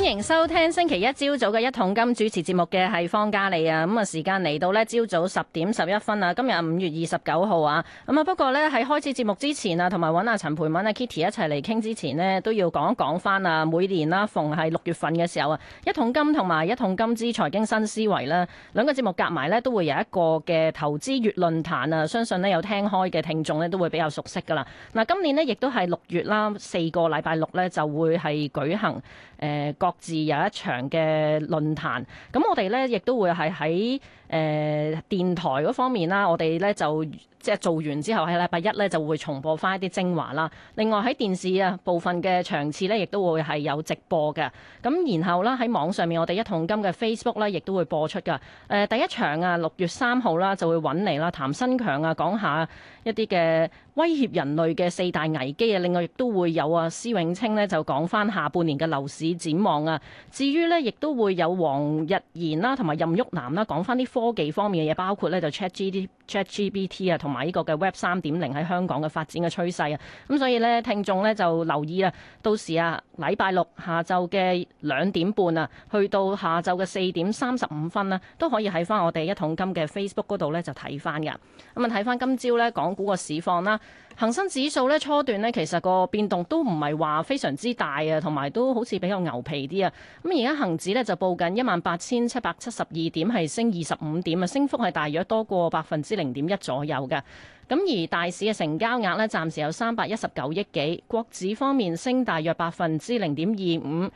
歡迎收聽星期一朝早嘅一桶金，主持節目嘅係方嘉莉啊，咁啊時間嚟到呢，朝早十點十一分啊，今日五月二十九號啊，咁啊不過呢，喺開始節目之前啊，同埋揾阿陳蓓敏阿 Kitty 一齊嚟傾之前呢，都要講一講翻啊，每年啦逢係六月份嘅時候啊，一桶金同埋一桶金之財經新思維啦，兩個節目夾埋呢，都會有一個嘅投資月論壇啊，相信呢，有聽開嘅聽眾呢，都會比較熟悉噶啦。嗱，今年呢，亦都係六月啦，四個禮拜六呢，就會係舉行誒各自有一場嘅論壇，咁我哋呢亦都會係喺。誒電台嗰方面啦，我哋咧就即係做完之後喺禮拜一咧就會重播翻一啲精華啦。另外喺電視啊部分嘅場次呢，亦都會係有直播嘅。咁然後啦喺網上面，我哋一桶金嘅 Facebook 呢，亦都會播出噶。誒第一場啊，六月三號啦就會揾嚟啦，譚新強啊，講下一啲嘅威脅人類嘅四大危機啊。另外亦都會有啊施永青呢，就講翻下半年嘅樓市展望啊。至於呢，亦都會有黃日賢啦同埋任旭南啦講翻啲科技方面嘅嘢，包括咧就 ChatGPT 啊，同埋呢個嘅 Web 三點零喺香港嘅發展嘅趨勢啊，咁所以呢，聽眾呢就留意啦，到時啊，禮拜六下晝嘅兩點半啊，去到下晝嘅四點三十五分啊，都可以喺翻我哋一桶金嘅 Facebook 度呢就睇翻㗎，咁啊睇翻今朝呢港股嘅市況啦。恒生指數咧初段咧其實個變動都唔係話非常之大啊，同埋都好似比較牛皮啲啊。咁而家恒指呢，就報緊一萬八千七百七十二點，係升二十五點啊，升幅係大約多過百分之零點一左右嘅。咁而大市嘅成交額呢，暫時有三百一十九億幾，國指方面升大約百分之零點二五。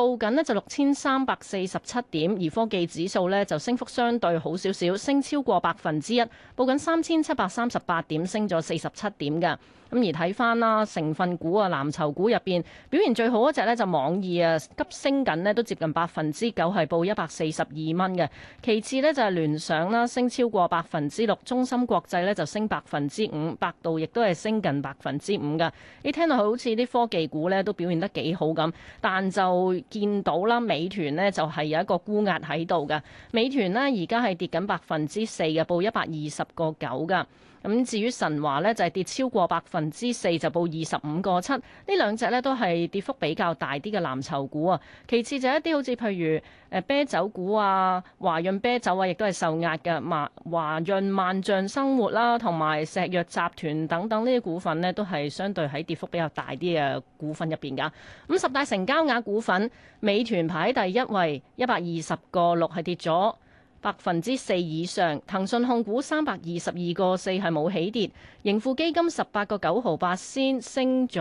報緊呢就六千三百四十七點，而科技指數呢就升幅相對好少少，升超過百分之一，報緊三千七百三十八點，升咗四十七點嘅。咁而睇翻啦，成分股啊、藍籌股入邊表現最好嗰隻呢，就網易啊，急升緊呢都接近百分之九，係報一百四十二蚊嘅。其次呢，就係聯想啦，升超過百分之六，中芯國際呢就升百分之五，百度亦都係升近百分之五嘅。你聽落去好似啲科技股呢都表現得幾好咁，但就。見到啦，美團呢就係有一個沽壓喺度㗎，美團呢而家係跌緊百分之四嘅，報一百二十個九㗎。咁至於神華咧，就係跌超過百分之四，就報二十五個七。呢兩隻咧都係跌幅比較大啲嘅藍籌股啊。其次就一啲好似譬如誒啤酒股啊，華潤啤酒啊，亦都係受壓嘅。萬華潤萬象生活啦，同埋石藥集團等等呢啲股份咧，都係相對喺跌幅比較大啲嘅股份入邊㗎。咁十大成交額股份，美團排第一位，一百二十個六係跌咗。百分之四以上，騰訊控股三百二十二個四係冇起跌，盈富基金十八個九毫八先升咗，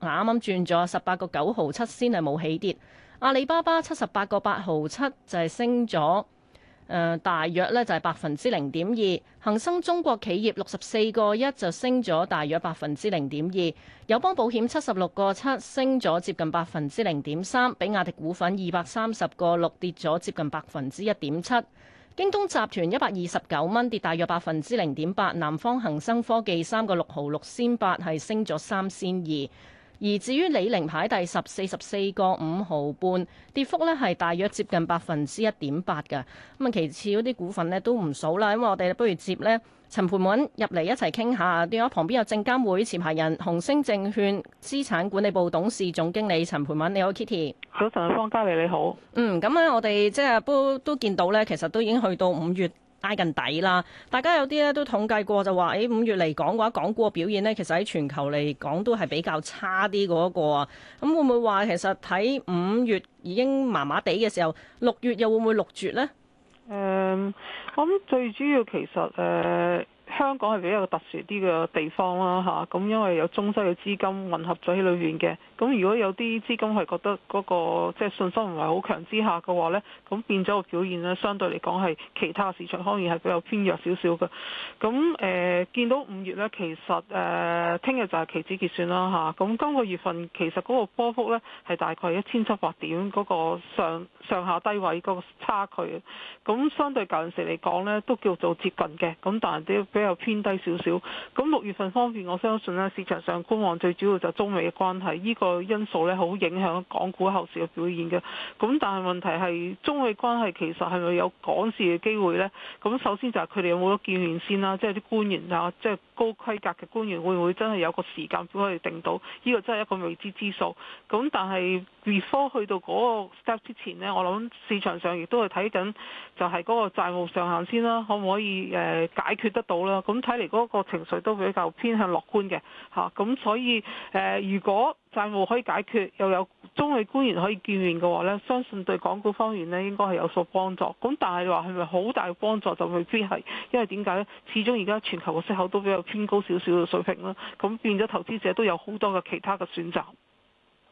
啱啱轉咗十八個九毫七先係冇起跌。阿里巴巴七十八個八毫七就係升咗，呃，大約呢就係百分之零點二。恒生中國企業六十四個一就升咗大約百分之零點二。友邦保險七十六個七升咗接近百分之零點三，比亞迪股份二百三十個六跌咗接近百分之一點七。京東集團一百二十九蚊跌大約百分之零點八，南方恒生科技三個六毫六仙八係升咗三仙二，而至於李寧牌第十四十四個五毫半，跌幅呢係大約接近百分之一點八嘅。咁啊，其次嗰啲股份呢都唔數啦，因為我哋不如接呢。陳蓓敏入嚟一齊傾下，電話旁邊有證監會前排人、紅星證券資產管理部董事總經理陳蓓敏，你好，Kitty。早晨，方嘉你好。嗯，咁咧我哋即係都都見到咧，其實都已經去到五月挨近底啦。大家有啲咧都統計過就話，誒、哎、五月嚟講嘅話，港股嘅表現呢，其實喺全球嚟講都係比較差啲嗰一、那個啊。咁會唔會話其實喺五月已經麻麻地嘅時候，六月又會唔會六絕呢？誒，咁最主要其實誒。香港係比較特殊啲嘅地方啦，嚇咁因為有中西嘅資金混合咗喺裏面嘅，咁如果有啲資金係覺得嗰個即係信心唔係好強之下嘅話呢，咁變咗個表現呢，相對嚟講係其他市場當然係比較偏弱少少嘅。咁誒、呃、見到五月呢，其實誒聽日就係期指結算啦，嚇咁今個月份其實嗰個波幅呢，係大概一千七百點嗰個上上下低位嗰個差距，咁相對舊陣時嚟講呢，都叫做接近嘅，咁但係啲比又偏低少少，咁六月份方面，我相信咧，市場上觀望最主要就中美嘅關係，呢、這個因素咧，好影響港股後市嘅表現嘅。咁但係問題係，中美關係其實係咪有趕事嘅機會咧？咁首先就係佢哋有冇得見面先啦，即係啲官員啊，即係高規格嘅官員，會唔會真係有個時間表可以定到？呢、這個真係一個未知之數。咁但係 before 去到嗰個 step 之前咧，我諗市場上亦都係睇緊，就係嗰個債務上限先啦，可唔可以誒、呃、解決得到？咁睇嚟嗰個情緒都比較偏向樂觀嘅，嚇，咁所以誒、呃，如果債務可以解決，又有中美官員可以見面嘅話呢，相信對港股方面呢應該係有所幫助。咁但係話係咪好大嘅幫助就未必係，因為點解呢？始終而家全球嘅息口都比較偏高少少嘅水平啦，咁變咗投資者都有好多嘅其他嘅選擇。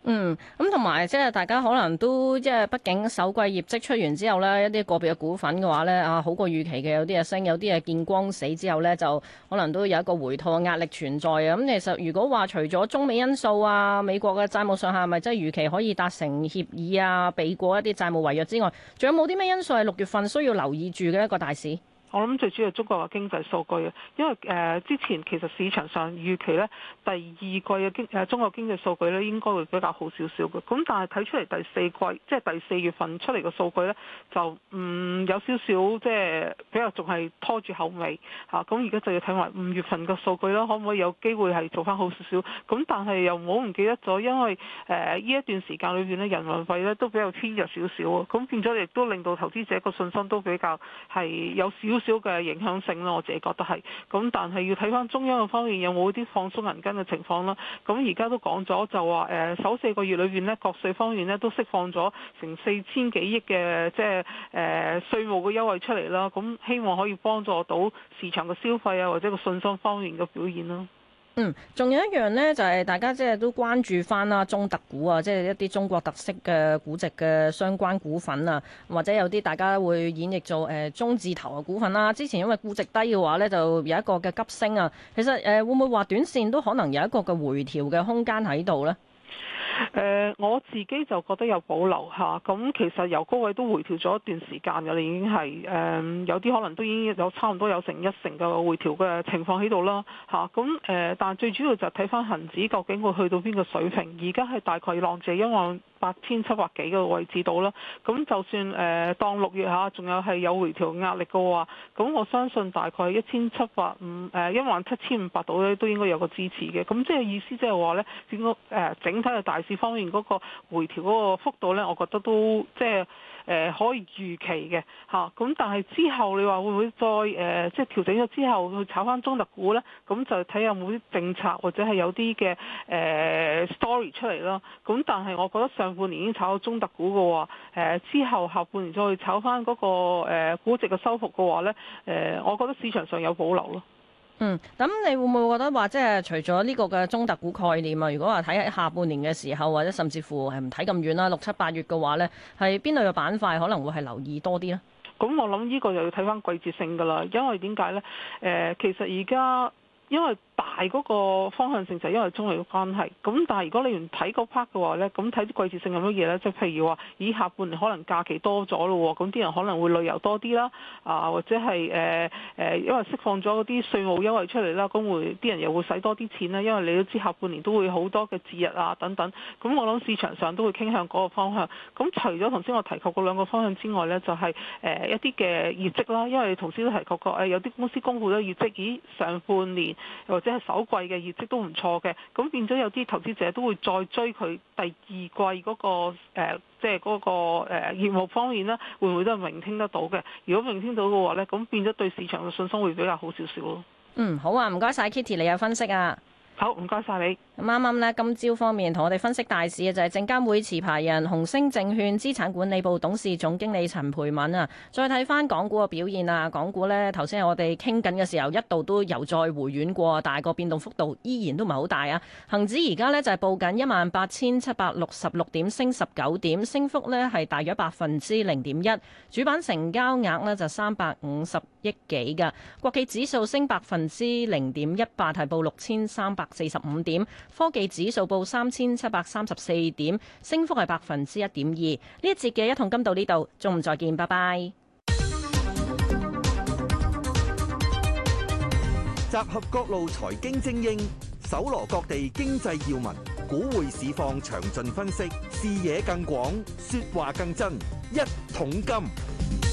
嗯，咁同埋即係大家可能都即係，畢、就是、竟首季業績出完之後呢，一啲個別嘅股份嘅話呢啊好過預期嘅有啲啊升，有啲啊見光死之後呢，就可能都有一個回吐嘅壓力存在啊。咁、嗯、其實如果話除咗中美因素啊，美國嘅債務上限係咪即係預期可以達成協議啊，避過一啲債務違約之外，仲有冇啲咩因素係六月份需要留意住嘅一個大市？我諗最主要係中國嘅經濟數據啊，因為誒、呃、之前其實市場上預期咧第二季嘅經誒中國經濟數據咧應該會比較好少少嘅，咁但係睇出嚟第四季即係、就是、第四月份出嚟嘅數據呢，就唔、嗯、有少少即係比較仲係拖住後尾嚇，咁而家就要睇埋五月份嘅數據啦，可唔可以有機會係做翻好少少？咁但係又唔好唔記得咗，因為誒呢、呃、一段時間裏邊咧人民幣呢，都比較偏弱少少啊，咁變咗亦都令到投資者個信心都比較係有少少嘅影響性啦，我自己覺得係咁，但係要睇翻中央嘅方面有冇啲放鬆銀根嘅情況啦。咁而家都講咗就話誒，首四個月裏邊呢，國稅方面呢都釋放咗成四千幾億嘅即係誒稅務嘅優惠出嚟啦。咁希望可以幫助到市場嘅消費啊，或者個信心方面嘅表現囉。嗯，仲有一樣呢，就係、是、大家即係都關注翻啦，中特股啊，即係一啲中國特色嘅估值嘅相關股份啊，或者有啲大家會演繹做誒、呃、中字頭嘅股份啦、啊。之前因為估值低嘅話呢，就有一個嘅急升啊。其實誒、呃，會唔會話短線都可能有一個嘅回調嘅空間喺度呢？誒、呃、我自己就覺得有保留嚇，咁、啊、其實由高位都回調咗一段時間嘅，已經係誒、啊、有啲可能都已經有差唔多有成一成嘅回調嘅情況喺度啦嚇，咁、啊、誒、啊、但係最主要就睇翻恒指究竟會去到邊個水平，而家係大概浪子因為。八千七百幾個位置到啦，咁就算誒、呃、當六月嚇，仲有係有回調壓力嘅話，咁我相信大概一千七百五誒一萬七千五百度咧，7，都應該有個支持嘅。咁即係意思即係話咧，整個誒、呃、整體嘅大市方面嗰個回調嗰個幅度咧，我覺得都即係。就是誒可以預期嘅嚇，咁但係之後你話會唔會再誒、呃、即係調整咗之後去炒翻中特股呢？咁就睇有冇啲政策或者係有啲嘅誒 story 出嚟咯。咁但係我覺得上半年已經炒到中特股嘅喎，誒、呃、之後下半年再去炒翻嗰、那個估值嘅收復嘅話呢，誒、呃、我覺得市場上有保留咯。嗯，咁你會唔會覺得話，即係、就是、除咗呢個嘅中特股概念啊，如果話睇喺下半年嘅時候，或者甚至乎係唔睇咁遠啦，六七八月嘅話呢，係邊度嘅板塊可能會係留意多啲呢？咁我諗呢個又要睇翻季節性噶啦，因為點解呢？誒、呃，其實而家因為。大嗰個方向性就係因為中美嘅關係，咁但係如果你睇嗰 part 嘅話呢，咁睇啲季節性咁多嘢呢？即係譬如話，咦，下半年可能假期多咗咯喎，咁啲人可能會旅遊多啲啦，啊或者係誒誒，因為釋放咗嗰啲稅務優惠出嚟啦，咁會啲人又會使多啲錢啦，因為你都知下半年都會好多嘅節日啊等等，咁我諗市場上都會傾向嗰個方向。咁除咗頭先我提及嗰兩個方向之外呢，就係、是、誒、呃、一啲嘅業績啦，因為頭先都提及過，誒有啲公司公布咗業績，咦上半年即係首季嘅業績都唔錯嘅，咁變咗有啲投資者都會再追佢第二季嗰、嗰個、呃、即係嗰、嗰個誒、呃、業務方面呢，會唔會都係聆聽得到嘅？如果聆聽到嘅話呢，咁變咗對市場嘅信心會比較好少少咯。嗯，好啊，唔該晒，Kitty，你有分析啊。好，唔該晒你。啱啱呢今朝方面同我哋分析大市嘅就係證監會持牌人鴻昇證券資產管理部董事總經理陳蓓敏啊。再睇翻港股嘅表現啊，港股咧，頭先我哋傾緊嘅時候一度都又再回軟過，但係個變動幅度依然都唔係好大啊。恒指而家咧就係、是、報緊一萬八千七百六十六點，升十九點，升幅咧係大約百分之零點一。主板成交額咧就三百五十。億幾嘅，國企指數升百分之零點一八，提報六千三百四十五點，科技指數報三千七百三十四點，升幅係百分之一點二。呢一節嘅一桶金到呢度，中午再見，拜拜。集合各路財經精英，搜羅各地經濟要聞，股匯市況詳盡分析，視野更廣，說話更真，一桶金。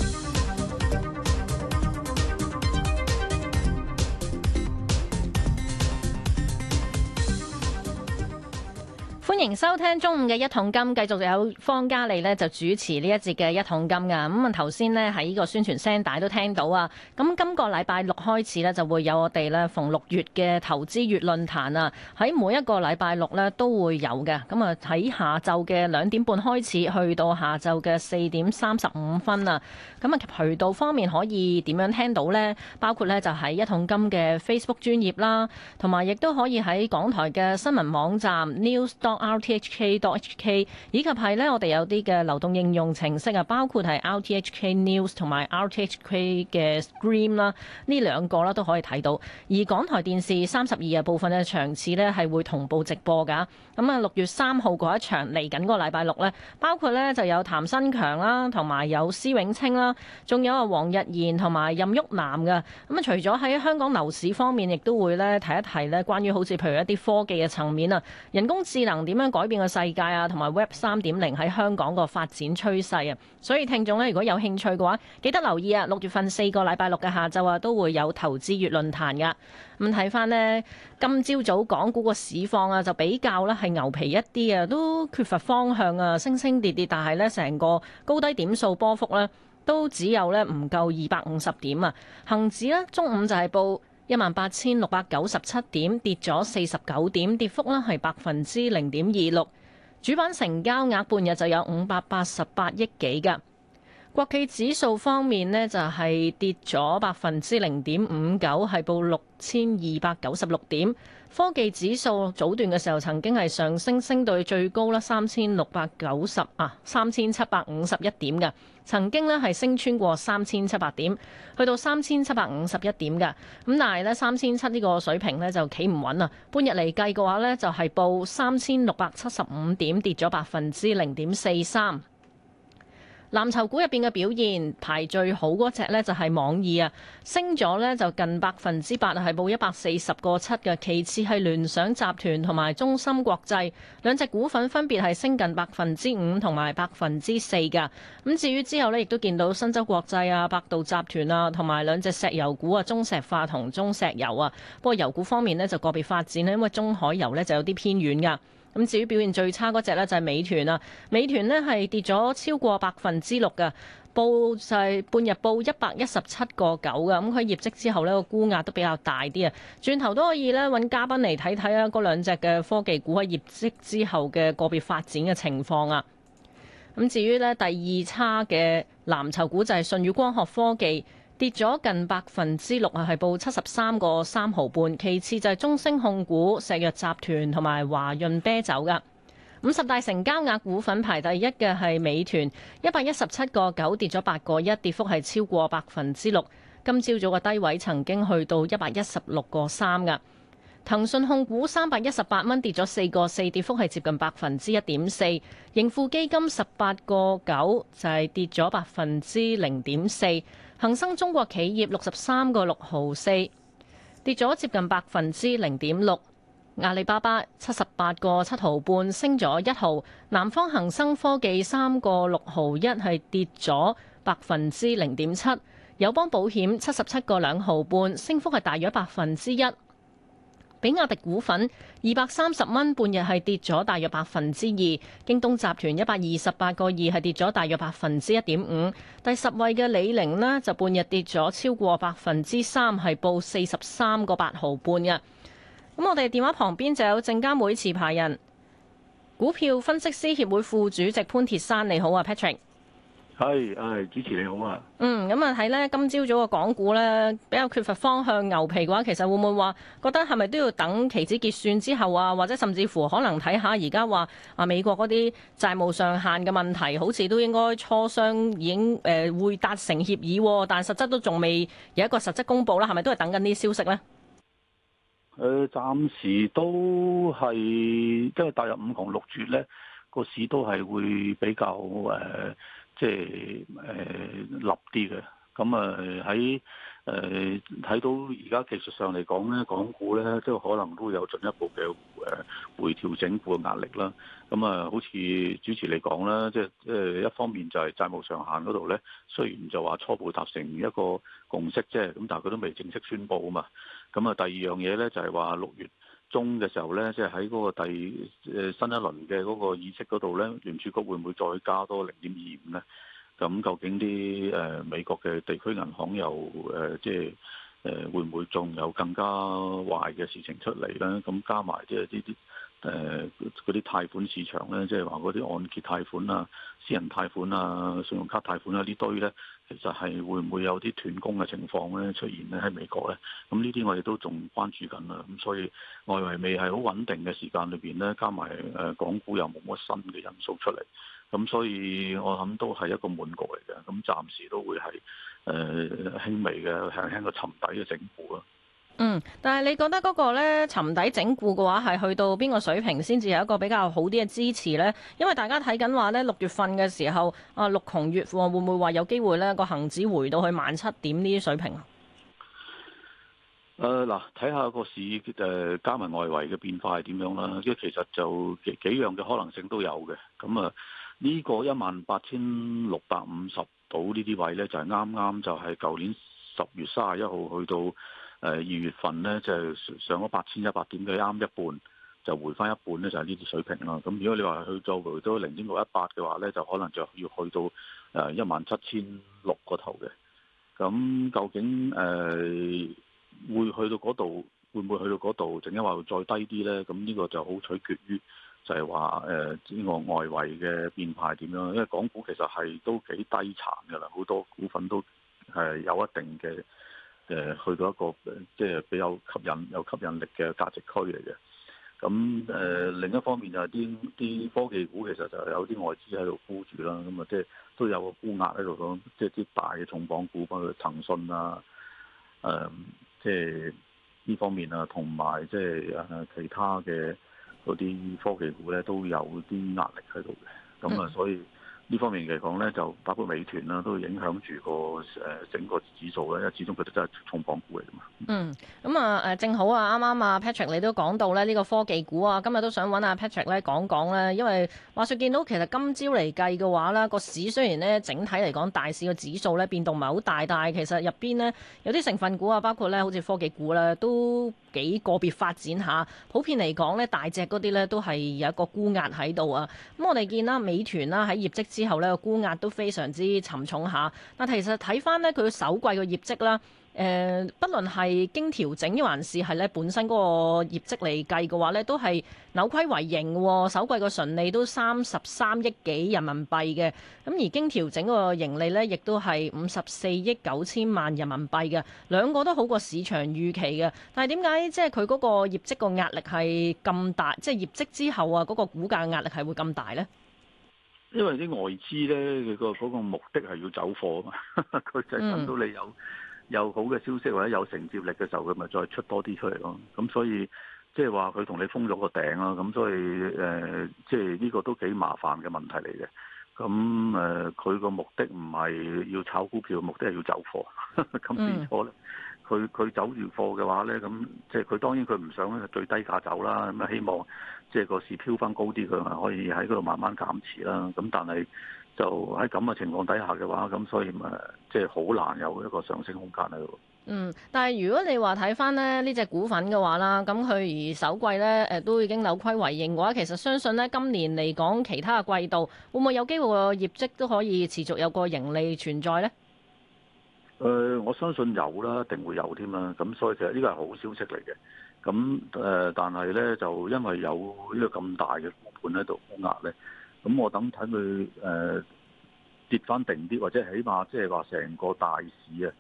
歡迎收聽中午嘅一桶金，繼續有方嘉莉呢，就主持呢一節嘅一桶金噶。咁啊，頭先呢，喺呢個宣傳聲帶都聽到啊。咁今個禮拜六開始呢，就會有我哋呢逢六月嘅投資月論壇啊，喺每一個禮拜六呢，都會有嘅。咁啊喺下晝嘅兩點半開始，去到下晝嘅四點三十五分啊。咁啊渠道方面可以點樣聽到呢？包括呢，就係一桶金嘅 Facebook 專業啦，同埋亦都可以喺港台嘅新聞網站 news RTHK.HK 以及係呢，我哋有啲嘅流動應用程式啊，包括係 RTHK News 同埋 RTHK 嘅 Screen 啦，呢兩個啦都可以睇到。而港台電視三十二嘅部分嘅場次呢係會同步直播㗎。咁、嗯、啊，六月三號嗰一場嚟緊個禮拜六呢，包括呢就有譚新強啦，同埋有施永清啦，仲有啊黃日賢同埋任旭南㗎。咁、嗯、啊，除咗喺香港樓市方面，亦都會呢，提一提呢關於好似譬如一啲科技嘅層面啊，人工智能點咁改變個世界啊，同埋 Web 三點零喺香港個發展趨勢啊，所以聽眾咧如果有興趣嘅話，記得留意啊。六月份四個禮拜六嘅下晝啊，都會有投資月論壇噶。咁睇翻呢，今朝早港股個市況啊，就比較咧係牛皮一啲啊，都缺乏方向啊，升升跌跌，但係呢，成個高低點數波幅呢，都只有呢唔夠二百五十點啊。恆指呢，中午就係報，一萬八千六百九十七點，跌咗四十九點，跌幅呢係百分之零點二六。主板成交額半日就有五百八十八億幾㗎。國企指數方面呢就係跌咗百分之零點五九，係報六千二百九十六點。科技指數早段嘅時候曾經係上升，升到去最高啦三千六百九十啊三千七百五十一點㗎，曾經呢係升穿過三千七百點，去到三千七百五十一點㗎。咁但係呢三千七呢個水平呢，就企唔穩啦。半日嚟計嘅話呢，就係報三千六百七十五點，跌咗百分之零點四三。藍籌股入邊嘅表現排最好嗰隻呢，就係網易啊，升咗呢，就近百分之八啊，係報一百四十個七嘅。其次係聯想集團同埋中芯國際兩隻股份分別係升近百分之五同埋百分之四嘅。咁至於之後呢，亦都見到新洲國際啊、百度集團啊同埋兩隻石油股啊，中石化同中石油啊。不過油股方面呢，就個別發展咧，因為中海油呢就有啲偏軟㗎。咁至於表現最差嗰隻呢，就係美團啊，美團呢係跌咗超過百分之六嘅，報就係半日報一百一十七個九嘅，咁佢業績之後呢，個沽壓都比較大啲啊。轉頭都可以呢，揾嘉賓嚟睇睇啊，嗰兩隻嘅科技股喺業績之後嘅個別發展嘅情況啊。咁至於呢，第二差嘅藍籌股就係舜宇光學科技。跌咗近百分之六啊，係報七十三個三毫半。其次就係中升控股、石藥集團同埋華潤啤酒噶。五十大成交額股份排第一嘅係美團，一百一十七個九跌咗八個一，跌幅係超過百分之六。今朝早個低位曾經去到一百一十六個三噶。騰訊控股三百一十八蚊跌咗四個四，跌, 4. 4，跌幅係接近百分之一點四。盈富基金十八個九就係跌咗百分之零點四。恒生中國企業六十三個六毫四，跌咗接近百分之零點六。阿里巴巴七十八個七毫半，升咗一毫。南方恒生科技三個六毫一，係跌咗百分之零點七。友邦保險七十七個兩毫半，升幅係大約百分之一。比亞迪股份二百三十蚊，半日係跌咗大約百分之二。京東集團一百二十八個二係跌咗大約百分之一點五。第十位嘅李寧呢，就半日跌咗超過百分之三，係報四十三個八毫半嘅。咁我哋電話旁邊就有證監會持牌人，股票分析師協會副主席潘鐵珊，你好啊 Patrick。係，誒主持你好啊！嗯，咁啊睇咧，今朝早嘅港股咧比較缺乏方向，牛皮嘅話，其實會唔會話覺得係咪都要等期指結算之後啊？或者甚至乎可能睇下而家話啊美國嗰啲債務上限嘅問題，好似都應該磋商已經誒、呃、會達成協議、啊，但實質都仲未有一個實質公佈啦、啊。係咪都係等緊啲消息咧？誒、呃，暫時都係，即係踏入五窮六絕咧，個市都係會比較誒。呃即係誒立啲嘅，咁啊喺誒睇到而家技術上嚟講咧，港股咧即係可能都有進一步嘅誒回調整股嘅壓力啦。咁、嗯、啊，好似主持嚟講啦，即係即係一方面就係債務上限嗰度咧，雖然就話初步達成一個共識即係咁，但係佢都未正式宣佈啊嘛。咁、嗯、啊，第二樣嘢咧就係話六月。中嘅時候呢，即係喺嗰個第誒新一輪嘅嗰個議息嗰度呢，聯儲局會唔會再加多零點二五呢？咁究竟啲誒美國嘅地區銀行又誒即係誒會唔會仲有更加壞嘅事情出嚟呢？咁加埋即係呢啲誒啲貸款市場呢，即係話嗰啲按揭貸款啊、私人貸款啊、信用卡貸款啊呢堆呢。其實係會唔會有啲斷供嘅情況咧出現咧喺美國咧？咁呢啲我哋都仲關注緊啦。咁所以外圍未係好穩定嘅時間裏邊咧，加埋誒港股又冇乜新嘅因素出嚟，咁所以我諗都係一個悶局嚟嘅。咁暫時都會係誒、呃、輕微嘅、輕輕嘅沉底嘅整固咯。嗯，但係你覺得嗰個咧沉底整固嘅話，係去到邊個水平先至係一個比較好啲嘅支持呢？因為大家睇緊話咧，六月份嘅時候啊，六窮月黃會唔會話有機會咧個恆指回到去萬七點呢啲水平啊？誒嗱、呃，睇下個市誒、呃、加埋外圍嘅變化係點樣啦。即係其實就幾幾樣嘅可能性都有嘅。咁、嗯、啊，這個、18，呢個一萬八千六百五十到呢啲位咧，就係啱啱就係舊年十月三十一號去到。誒二月份呢，就上上咗八千一百點嘅啱一半，就回翻一半呢就係呢啲水平啦。咁如果你話去再回到零點六一八嘅話呢，就可能就要去到誒一萬七千六個頭嘅。咁究竟誒、呃、會去到嗰度，會唔會去到嗰度？定因為再低啲呢？咁呢個就好取決於就係話誒呢個外圍嘅變態點樣。因為港股其實係都幾低殘嘅啦，好多股份都係有一定嘅。誒去到一個即係比較吸引、有吸引力嘅價值區嚟嘅。咁誒、呃、另一方面就係啲啲科技股其實就係有啲外資喺度沽住啦，咁啊即係都有個沽壓喺度咯。即係啲大嘅重磅股，包括騰訊啊，誒即係呢方面啊，同埋即係啊其他嘅嗰啲科技股咧都有啲壓力喺度嘅。咁啊，所以。呢方面嚟講咧，就包括美團啦，都會影響住個誒整個指數咧。因為始終佢哋真係重磅股嚟㗎嘛。嗯，咁啊誒，正好啊，啱啱啊 Patrick 你都講到咧，呢個科技股啊，今日都想揾阿 Patrick 咧講講咧，因為話説見到其實今朝嚟計嘅話咧，個市雖然咧整體嚟講大市個指數咧變動唔係好大，但係其實入邊咧有啲成分股啊，包括咧好似科技股啦，都。績後個別發展下，普遍嚟講呢，大隻嗰啲呢都係有一個沽壓喺度啊。咁我哋見啦，美團啦喺業績之後呢，沽壓都非常之沉重下。但其實睇返呢，佢首季嘅業績啦。誒，uh, 不論係經調整，還是係咧本身嗰個業績嚟計嘅話咧，都係扭虧為盈。首季個純利都三十三億幾人民幣嘅，咁而經調整個盈利咧，亦都係五十四億九千萬人民幣嘅，兩個都好過市場預期嘅。但係點解即係佢嗰個業績個壓力係咁大？即係業績之後啊，嗰個股價壓力係會咁大咧？因為啲外資咧，佢個嗰個目的係要走貨啊嘛，佢 就等到你有。嗯有好嘅消息或者有承接力嘅時候，佢咪再出多啲出嚟咯。咁所以即係話，佢、就、同、是、你封咗個頂咯、啊。咁所以誒，即係呢個都幾麻煩嘅問題嚟嘅。咁誒，佢、呃、個目的唔係要炒股票，目的係要走貨。咁變咗咧，佢佢走完貨嘅話咧，咁即係佢當然佢唔想最低價走啦。咁希望即係、就是、個市飆翻高啲，佢咪可以喺嗰度慢慢減持啦。咁但係。就喺咁嘅情況底下嘅話，咁所以咪即係好難有一個上升空間喺度。嗯，但係如果你話睇翻咧呢隻股份嘅話啦，咁佢而首季咧誒都已經扭虧為盈嘅話，其實相信咧今年嚟講，其他嘅季度會唔會有機會業績都可以持續有個盈利存在咧？誒、呃，我相信有啦，一定會有添啦。咁所以其實呢個係好消息嚟嘅。咁誒、呃，但係咧就因為有呢個咁大嘅盤喺度壓咧。咁我等睇佢誒跌翻定啲，或者起碼，即係話成個大市啊，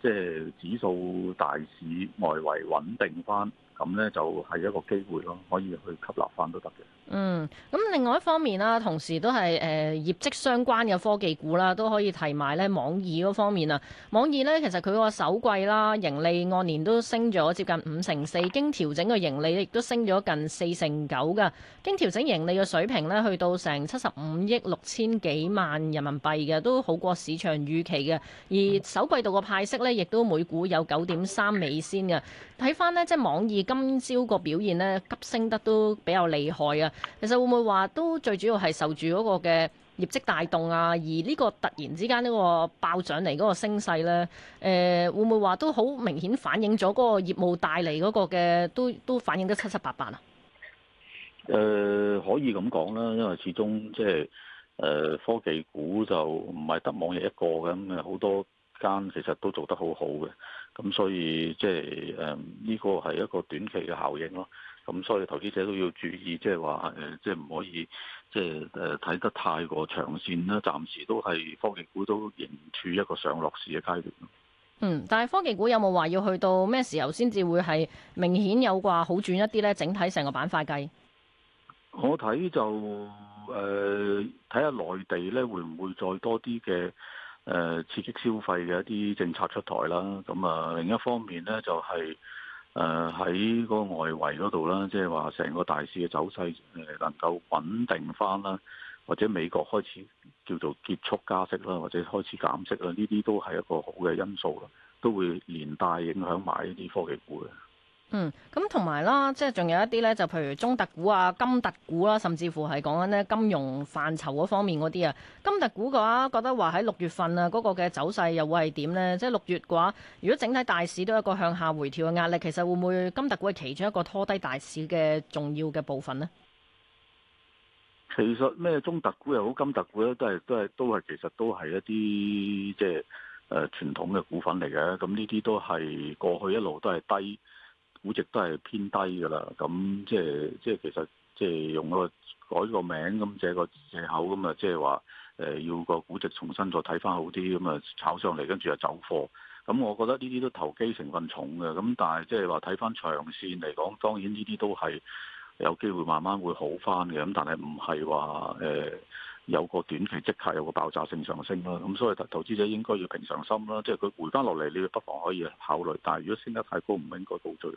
即係指數大市外圍穩定翻。咁呢就係一個機會咯，可以去吸納翻都得嘅。嗯，咁另外一方面啦，同時都係誒、呃、業績相關嘅科技股啦，都可以提埋呢網易嗰方面啊。網易呢，其實佢個首季啦，盈利按年都升咗接近五成四，經調整嘅盈利亦都升咗近四成九嘅。經調整盈利嘅水平呢，去到成七十五億六千幾萬人民幣嘅，都好過市場預期嘅。而首季度個派息呢，亦都每股有九點三美仙嘅。睇翻呢即係網易。今朝個表現咧急升得都比較厲害啊！其實會唔會話都最主要係受住嗰個嘅業績帶動啊？而呢個突然之間呢個爆漲嚟嗰個升勢呢，誒、呃、會唔會話都好明顯反映咗嗰個業務帶嚟嗰個嘅都都反映得七七八八啊？誒、呃、可以咁講啦，因為始終即係誒科技股就唔係得網易一個嘅咁好多。間其實都做得好好嘅，咁所以即係誒呢個係一個短期嘅效應咯。咁所以投資者都要注意，即係話誒，即係唔可以即係誒睇得太過長線啦。暫時都係科技股都仍處一個上落市嘅階段。嗯，但係科技股有冇話要去到咩時候先至會係明顯有啩好轉一啲呢？整體成個板塊計，我睇就誒睇下內地呢會唔會再多啲嘅？刺激消費嘅一啲政策出台啦，咁啊另一方面呢，就係誒喺嗰個外圍嗰度啦，即係話成個大市嘅走勢誒能夠穩定翻啦，或者美國開始叫做結束加息啦，或者開始減息啦，呢啲都係一個好嘅因素啦，都會連帶影響埋一啲科技股嘅。嗯，咁同埋啦，即係仲有一啲咧，就譬如中特股啊、金特股啦、啊，甚至乎係講緊咧，金融範疇嗰方面嗰啲啊。金特股嘅話，覺得話喺六月份啊，嗰個嘅走勢又會係點呢？即係六月嘅話，如果整體大市都有一個向下回調嘅壓力，其實會唔會金特股係其中一個拖低大市嘅重要嘅部分呢？其實咩中特股又好，金特股咧，都係都係都係，其實都係一啲即係誒傳統嘅股份嚟嘅。咁呢啲都係過去一路都係低。估值都係偏低嘅啦，咁、嗯、即係即係其實即係用嗰個改個名咁借、嗯、個借口咁啊，即係話誒要個估值重新再睇翻好啲，咁、嗯、啊炒上嚟跟住就走貨，咁、嗯、我覺得呢啲都投機成分重嘅，咁、嗯、但係即係話睇翻長線嚟講，當然呢啲都係有機會慢慢會好翻嘅，咁、嗯、但係唔係話誒，呃有個短期即刻有個爆炸性上升啦，咁所以投投資者應該要平常心啦，即係佢回翻落嚟，你不妨可以考慮，但係如果升得太高，唔應該高追。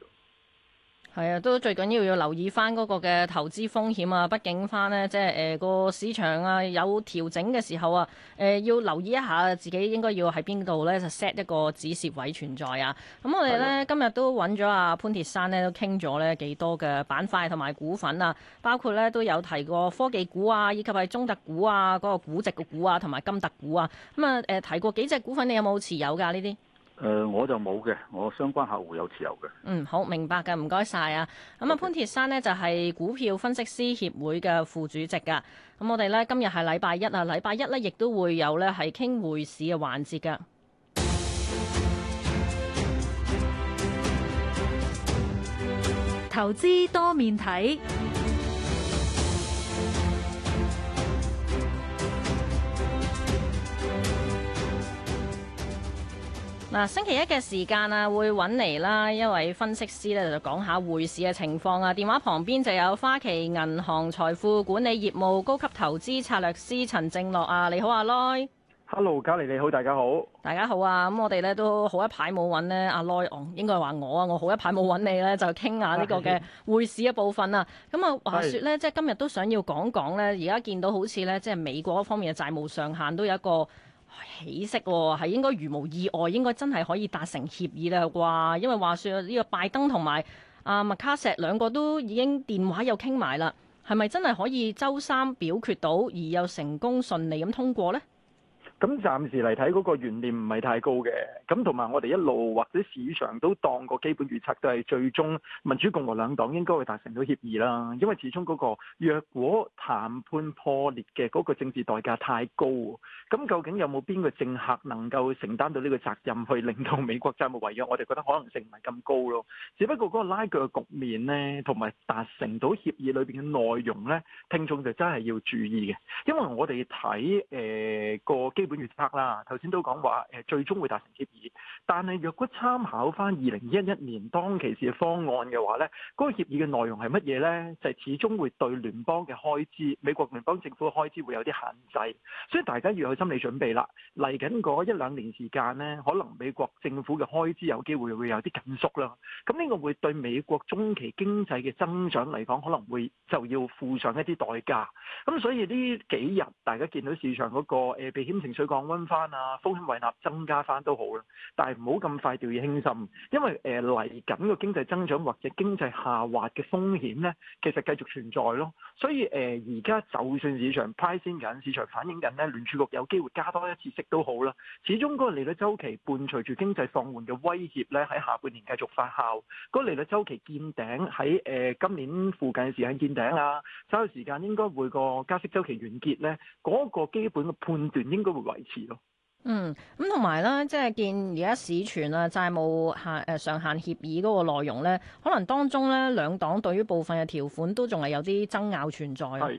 係啊，都最緊要要留意翻嗰個嘅投資風險啊！畢竟翻呢，即係誒個市場啊有調整嘅時候啊，誒、呃、要留意一下自己應該要喺邊度呢，就 set 一個止蝕位存在啊！咁我哋呢，的今日都揾咗阿潘鐵珊呢，都傾咗呢幾多嘅板塊同埋股份啊，包括呢都有提過科技股啊，以及係中特股啊，嗰、嗰個估值股啊，同埋金特股啊，咁啊誒提過幾隻股份你有冇持有㗎呢啲？誒，我就冇嘅，我相關客戶有持有嘅。嗯，好明白嘅，唔該晒啊。咁啊，潘鐵珊呢，就係股票分析師協會嘅副主席噶。咁我哋咧今日係禮拜一啊，禮拜一咧亦都會有咧係傾匯市嘅環節噶。投資多面睇。啊、星期一嘅時間啊，會揾嚟啦一位分析師咧就講下匯市嘅情況啊。電話旁邊就有花旗銀行財富管理業務高級投資策略師陳正犖啊，你好啊，Loi。Hello，嘉莉你好，大家好。大家好啊，咁我哋咧都好一排冇揾呢阿 Loi、 啊、應該話我啊，我好一排冇揾你咧，就傾下呢個嘅匯市嘅部分啊。咁啊，話説呢，即係今日都想要講講呢。而家見到好似呢，即係美國嗰方面嘅債務上限都有一個。起色係、啊、應該如無意外，應該真係可以達成協議啦啩，因為話説呢個拜登同埋阿麥卡錫兩個都已經電話又傾埋啦，係咪真係可以周三表決到，而又成功順利咁通過呢？咁暫時嚟睇嗰個懸念唔係太高嘅，咁同埋我哋一路或者市場都當過基本預測都係最終民主共和兩黨應該會達成到協議啦。因為始終嗰個若果談判破裂嘅嗰個政治代價太高，咁究竟有冇邊個政客能夠承擔到呢個責任去令到美國債務違約？我哋覺得可能性唔係咁高咯。只不過嗰個拉鋸嘅局面呢，同埋達成到協議裏邊嘅內容呢，聽眾就真係要注意嘅，因為我哋睇誒個基本月測啦，頭先都講話誒最終會達成協議，但係若果參考翻二零一一年當其時嘅方案嘅話咧，嗰個協議嘅內容係乜嘢咧？就係始終會對聯邦嘅開支，美國聯邦政府嘅開支會有啲限制。所以大家要有心理準備啦。嚟緊嗰一兩年時間咧，可能美國政府嘅開支有機會會有啲緊縮啦。咁呢個會對美國中期經濟嘅增長嚟講可能會就要付上一啲代價，咁所以呢幾日大家見到市場嗰個誒避險情水降溫翻啊，風險胃納增加翻都好啦，但係唔好咁快掉以輕心，因為誒嚟緊個經濟增長或者經濟下滑嘅風險咧，其實繼續存在咯。所以誒，而、呃、家就算市場 pricing 緊，市場反映緊咧，聯儲局有機會加多一次息都好啦。始終嗰個利率周期伴隨住經濟放緩嘅威脅咧，喺下半年繼續發酵。嗰、那個、利率周期見頂喺誒、呃、今年附近時間見頂啊，稍有時間應該會個加息周期完結咧。嗰、那個基本嘅判斷應該會維持咯，嗯，咁同埋咧，即係見而家市傳啊，債務限誒，呃，上限協議嗰個內容咧，可能當中咧兩黨對於部分嘅條款都仲係有啲爭拗存在啊。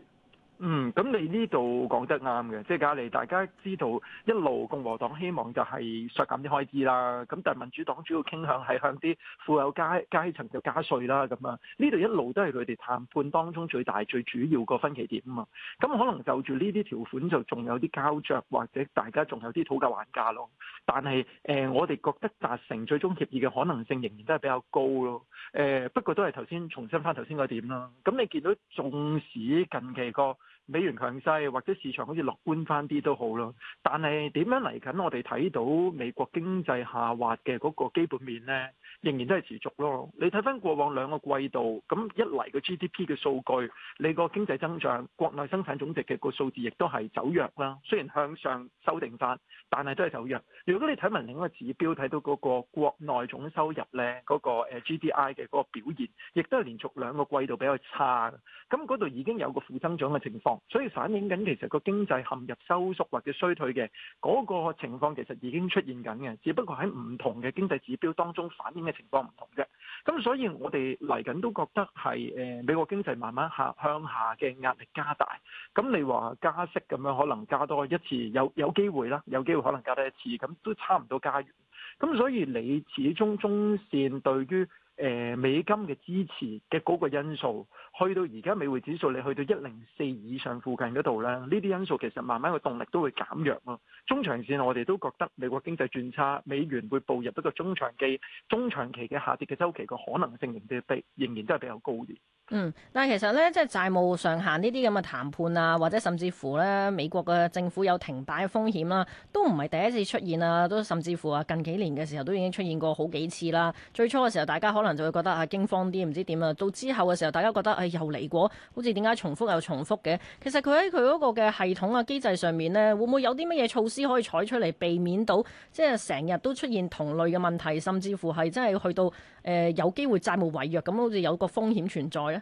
嗯，咁你呢度講得啱嘅，即係隔離大家知道一路共和黨希望就係削減啲開支啦，咁但係民主黨主要傾向係向啲富有階階層就加稅啦咁啊，呢度一路都係佢哋談判當中最大最主要個分歧點啊嘛，咁可能就住呢啲條款就仲有啲膠着，或者大家仲有啲討價還價咯，但係誒、呃、我哋覺得達成最終協議嘅可能性仍然都係比較高咯，誒、呃、不過都係頭先重申翻頭先個點啦，咁你見到縱使近期個美元強勢，或者市場好似樂觀翻啲都好咯，但係點樣嚟緊？我哋睇到美國經濟下滑嘅嗰個基本面咧？仍然都係持續咯。你睇翻過往兩個季度，咁一嚟個 GDP 嘅數據，你個經濟增長、國內生產總值嘅個數字，亦都係走弱啦。雖然向上修訂翻，但係都係走弱。如果你睇埋另一個指標，睇到嗰個國內總收入呢，嗰個誒 GDI 嘅嗰個表現，亦都係連續兩個季度比較差。咁嗰度已經有個負增長嘅情況，所以反映緊其實個經濟陷入收縮或者衰退嘅嗰個情況，其實已經出現緊嘅。只不過喺唔同嘅經濟指標當中反嘅情況唔同嘅，咁所以我哋嚟緊都覺得係誒、呃、美國經濟慢慢下向下嘅壓力加大，咁你話加息咁樣可能加多一次有有機會啦，有機會可能加多一次，咁都差唔多加完，咁所以你始終中線對於。誒、呃、美金嘅支持嘅嗰個因素，去到而家美匯指數你去到一零四以上附近嗰度咧，呢啲因素其實慢慢個動力都會減弱咯。中長線我哋都覺得美國經濟轉差，美元會步入一個中長期、中長期嘅下跌嘅周期個可能性，仍然都係比較高啲。嗯，但係其實咧，即係債務上限呢啲咁嘅談判啊，或者甚至乎咧，美國嘅政府有停擺嘅風險啦、啊，都唔係第一次出現啊，都甚至乎啊，近幾年嘅時候都已經出現過好幾次啦。最初嘅時候，大家可能就會覺得啊，驚慌啲，唔知點啊。到之後嘅時候，大家覺得誒、哎，又嚟過，好似點解重複又重複嘅？其實佢喺佢嗰個嘅系統啊機制上面呢，會唔會有啲乜嘢措施可以採取嚟，避免到即係成日都出現同類嘅問題，甚至乎係真係去到誒、呃、有機會債務違約咁，好似有個風險存在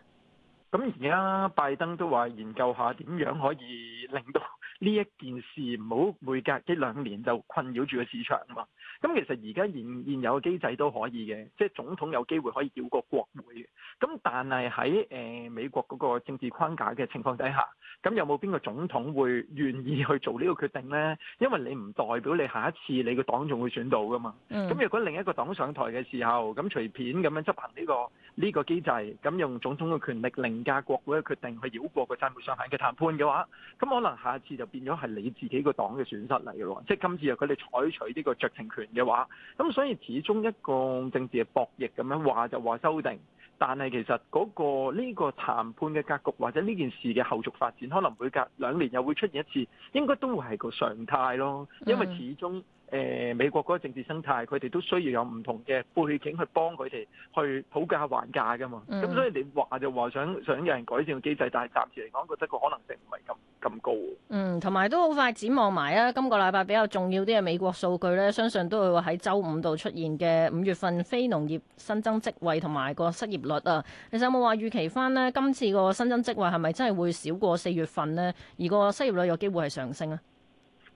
咁而家拜登都話研究下點樣可以令到呢一件事唔好每隔一兩年就困擾住個市場啊嘛。咁其實而家現現有嘅機制都可以嘅，即係總統有機會可以繞過國會嘅。咁但係喺誒美國嗰個政治框架嘅情況底下，咁有冇邊個總統會願意去做呢個決定咧？因為你唔代表你下一次你個黨仲會選到噶嘛。咁如果另一個黨上台嘅時候，咁隨便咁樣執行呢個。呢個機制，咁用總統嘅權力凌駕國會嘅決定去繞過個債務上限嘅談判嘅話，咁可能下次就變咗係你自己個黨嘅損失嚟嘅咯。即係今次又佢哋採取呢個酌情權嘅話，咁所以始終一個政治嘅博弈咁樣話就話修訂，但係其實嗰個呢個談判嘅格局或者呢件事嘅後續發展，可能會隔兩年又會出現一次，應該都會係個常態咯，因為始終。誒、呃、美國嗰個政治生態，佢哋都需要有唔同嘅背景去幫佢哋去討價還價㗎嘛。咁、嗯、所以你話就話想想有人改善個機制，但係暫時嚟講覺得個可能性唔係咁咁高。嗯，同埋都好快展望埋啊，今個禮拜比較重要啲嘅美國數據咧，相信都會喺周五度出現嘅五月份非農業新增職位同埋個失業率啊。其實有冇話預期翻呢？今次個新增職位係咪真係會少過四月份呢？而個失業率有機會係上升啊？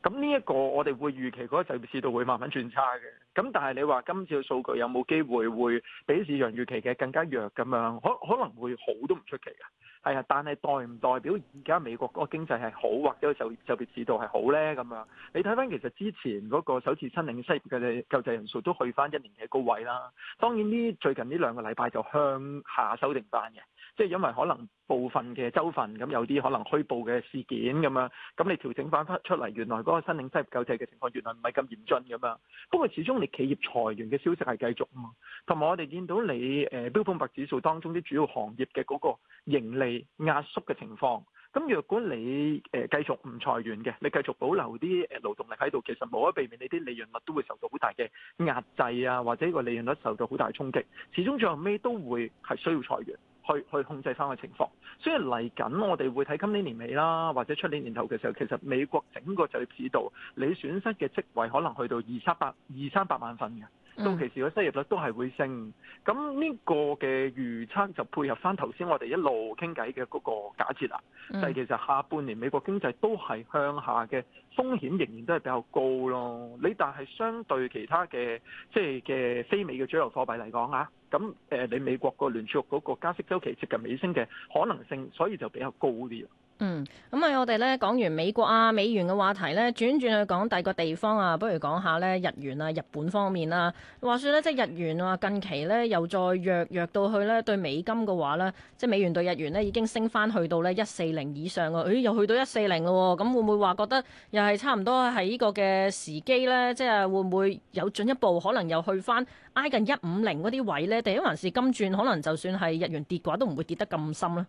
咁呢一個我哋會預期嗰個就業市道會慢慢轉差嘅，咁但係你話今次嘅數據有冇機會會比市場預期嘅更加弱咁樣？可可能會好都唔出奇嘅，係啊，但係代唔代表而家美國嗰個經濟係好或者個就業就業市道係好咧咁樣？你睇翻其實之前嗰個首次申領失業嘅救濟人數都去翻一年嘅高位啦，當然呢最近呢兩個禮拜就向下收定翻嘅。即係因為可能部分嘅州份咁有啲可能虛報嘅事件咁樣，咁你調整翻翻出嚟，原來嗰個申領失業救濟嘅情況原來唔係咁嚴峻咁樣。不過始終你企業裁員嘅消息係繼續啊，同埋我哋見到你誒標普白指數當中啲主要行業嘅嗰個盈利壓縮嘅情況。咁若果你誒繼續唔裁員嘅，你繼續保留啲誒勞動力喺度，其實無可避免你啲利潤率都會受到好大嘅壓制啊，或者個利潤率受到好大衝擊。始終最後尾都會係需要裁員。去去控制翻個情況，所以嚟緊我哋會睇今年年尾啦，或者出年年頭嘅時候，其實美國整個就業指導，你損失嘅職位可能去到二三百二三百萬份嘅。嗯、到期時嘅失業率都係會升，咁呢個嘅預測就配合翻頭先我哋一路傾偈嘅嗰個假設啦，嗯、就係其實下半年美國經濟都係向下嘅，風險仍然都係比較高咯。你但係相對其他嘅即係嘅非美嘅主流貨幣嚟講啊，咁誒你美國個聯儲局嗰個加息周期接近尾聲嘅可能性，所以就比較高啲。嗯，咁啊，我哋咧講完美國啊美元嘅話題咧，轉轉去講第二個地方啊，不如講下咧日元啊日本方面啦、啊。話說咧，即係日元啊，近期咧又再弱弱到去咧對美金嘅話咧，即係美元對日元咧已經升翻去到咧一四零以上喎。誒，又去到一四零咯喎，咁會唔會話覺得又係差唔多係呢個嘅時機咧？即係會唔會有進一步可能又去翻挨近一五零嗰啲位咧？第一還是金轉，可能就算係日元跌嘅話，都唔會跌得咁深咧。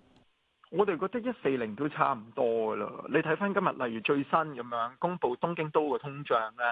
我哋覺得一四零都差唔多㗎啦，你睇翻今日例如最新咁樣公布東京都嘅通脹咧，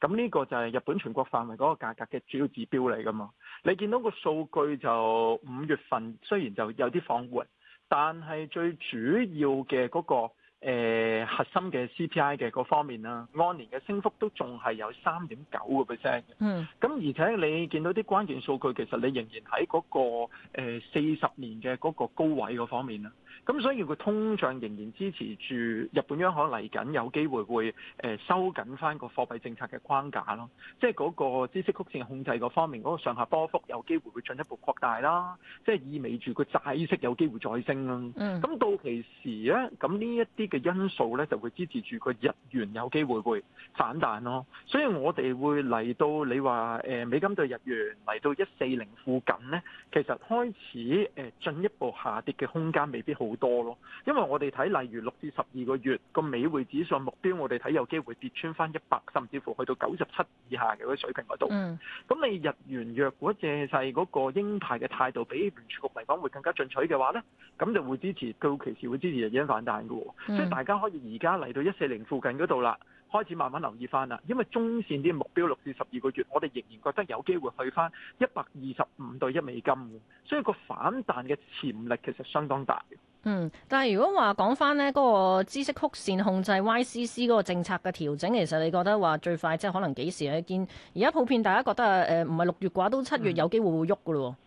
咁呢個就係日本全國範圍嗰個價格嘅主要指標嚟㗎嘛。你見到個數據就五月份雖然就有啲放緩，但係最主要嘅嗰個。誒核心嘅 CPI 嘅嗰方面啦，啊，按年嘅升幅都仲係有三點九個 percent 嘅。嗯。咁而且你見到啲關鍵數據，其實你仍然喺嗰、嗰個誒四十年嘅嗰個高位嗰方面啦。咁所以佢通脹仍然支持住日本央行嚟緊有機會會誒收緊翻個貨幣政策嘅框架咯。即係嗰個孳息曲線控制嗰方面，嗰、嗰個上下波幅有機會會進一步擴大啦。即係意味住個債息有機會再升啦。嗯。咁到期時咧，咁呢一啲嘅。因素咧就會支持住個日元有機會會反彈咯，所以我哋會嚟到你話誒美金對日元嚟到一四零附近咧，其實開始誒進一步下跌嘅空間未必好多咯，因為我哋睇例如六至十二個月個美匯指數目標，我哋睇有機會跌穿翻一百，甚至乎去到九十七以下嘅啲水平嗰度。嗯。 咁你日元若果借勢嗰個鷹派嘅態度比聯儲局嚟講會更加進取嘅話咧，咁就會支持到期時會支持日元反彈嘅喎。大家可以而家嚟到一四零附近嗰度啦，開始慢慢留意翻啦。因為中線啲目標六至十二個月，我哋仍然覺得有機會去翻一百二十五對一美金，所以個反彈嘅潛力其實相當大。嗯，但係如果話講翻呢嗰個孳息曲線控制 YCC 嗰個政策嘅調整，其實你覺得話最快即係可能幾時啊？見而家普遍大家覺得啊，誒唔係六月嘅話，都七月有機會會喐嘅咯。嗯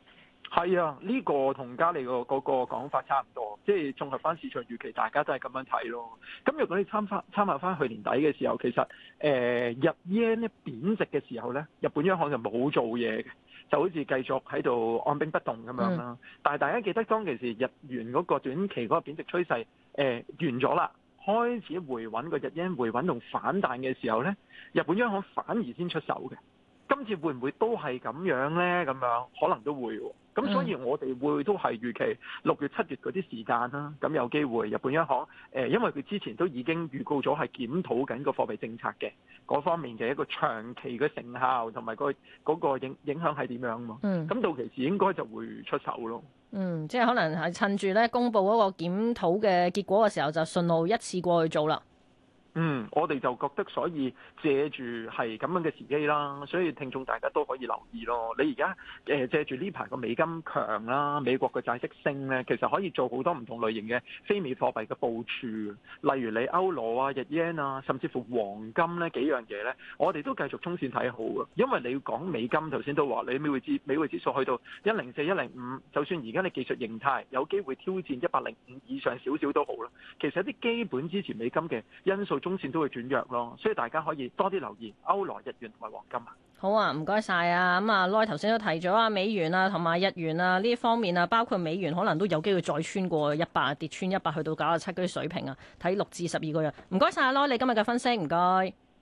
係啊，呢、這個同加利個嗰個講法差唔多，即係綜合翻市場預期，大家都係咁樣睇咯。咁如果你參翻參考翻去年底嘅時候，其實誒、呃、日元咧貶值嘅時候咧，日本央行就冇做嘢嘅，就好似繼續喺度按兵不動咁樣啦。的但係大家記得當其時日元嗰個短期嗰個貶值趨勢誒完咗啦，開始回穩，個日元回穩同反彈嘅時候咧，日本央行反而先出手嘅。今次會唔會都係咁樣呢？咁樣可能都會，咁所以我哋會都係預期六月、七月嗰啲時間啦，咁有機會日本央行誒、呃，因為佢之前都已經預告咗係檢討緊個貨幣政策嘅嗰方面嘅一個長期嘅成效同埋個嗰個影影響係點樣嘛。嗯，咁到時應該就會出手咯。嗯，即係可能係趁住咧公佈嗰個檢討嘅結果嘅時候，就順路一次過去做啦。嗯，我哋就覺得，所以借住係咁樣嘅時機啦，所以聽眾大家都可以留意咯。你而家誒借住呢排個美金強啦，美國嘅債息升咧，其實可以做好多唔同類型嘅非美貨幣嘅部署，例如你歐羅啊、日元啊，甚至乎黃金咧幾樣嘢，咧，我哋都繼續衝線睇好啊，因為你要講美金頭先都話你美匯指美匯指數去到一零四一零五，就算而家你技術形態有機會挑戰一百零五以上少少少都好啦。其實一啲基本支持美金嘅因素，中線都會轉弱咯，所以大家可以多啲留意歐元、日元同埋黃金啊。好啊，唔該晒啊。咁、嗯、啊，羅頭先都提咗啊，美元啊，同埋日元啊呢方面啊，包括美元可能都有機會再穿過一百，100, 跌穿一百去到九啊七嗰啲水平啊。睇六至十二個月。唔該曬，羅你今日嘅分析，唔該。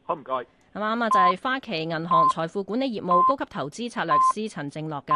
好唔該。咁啊、嗯，就係、是、花旗銀行財富管理業務高級投資策略師陳正犖噶。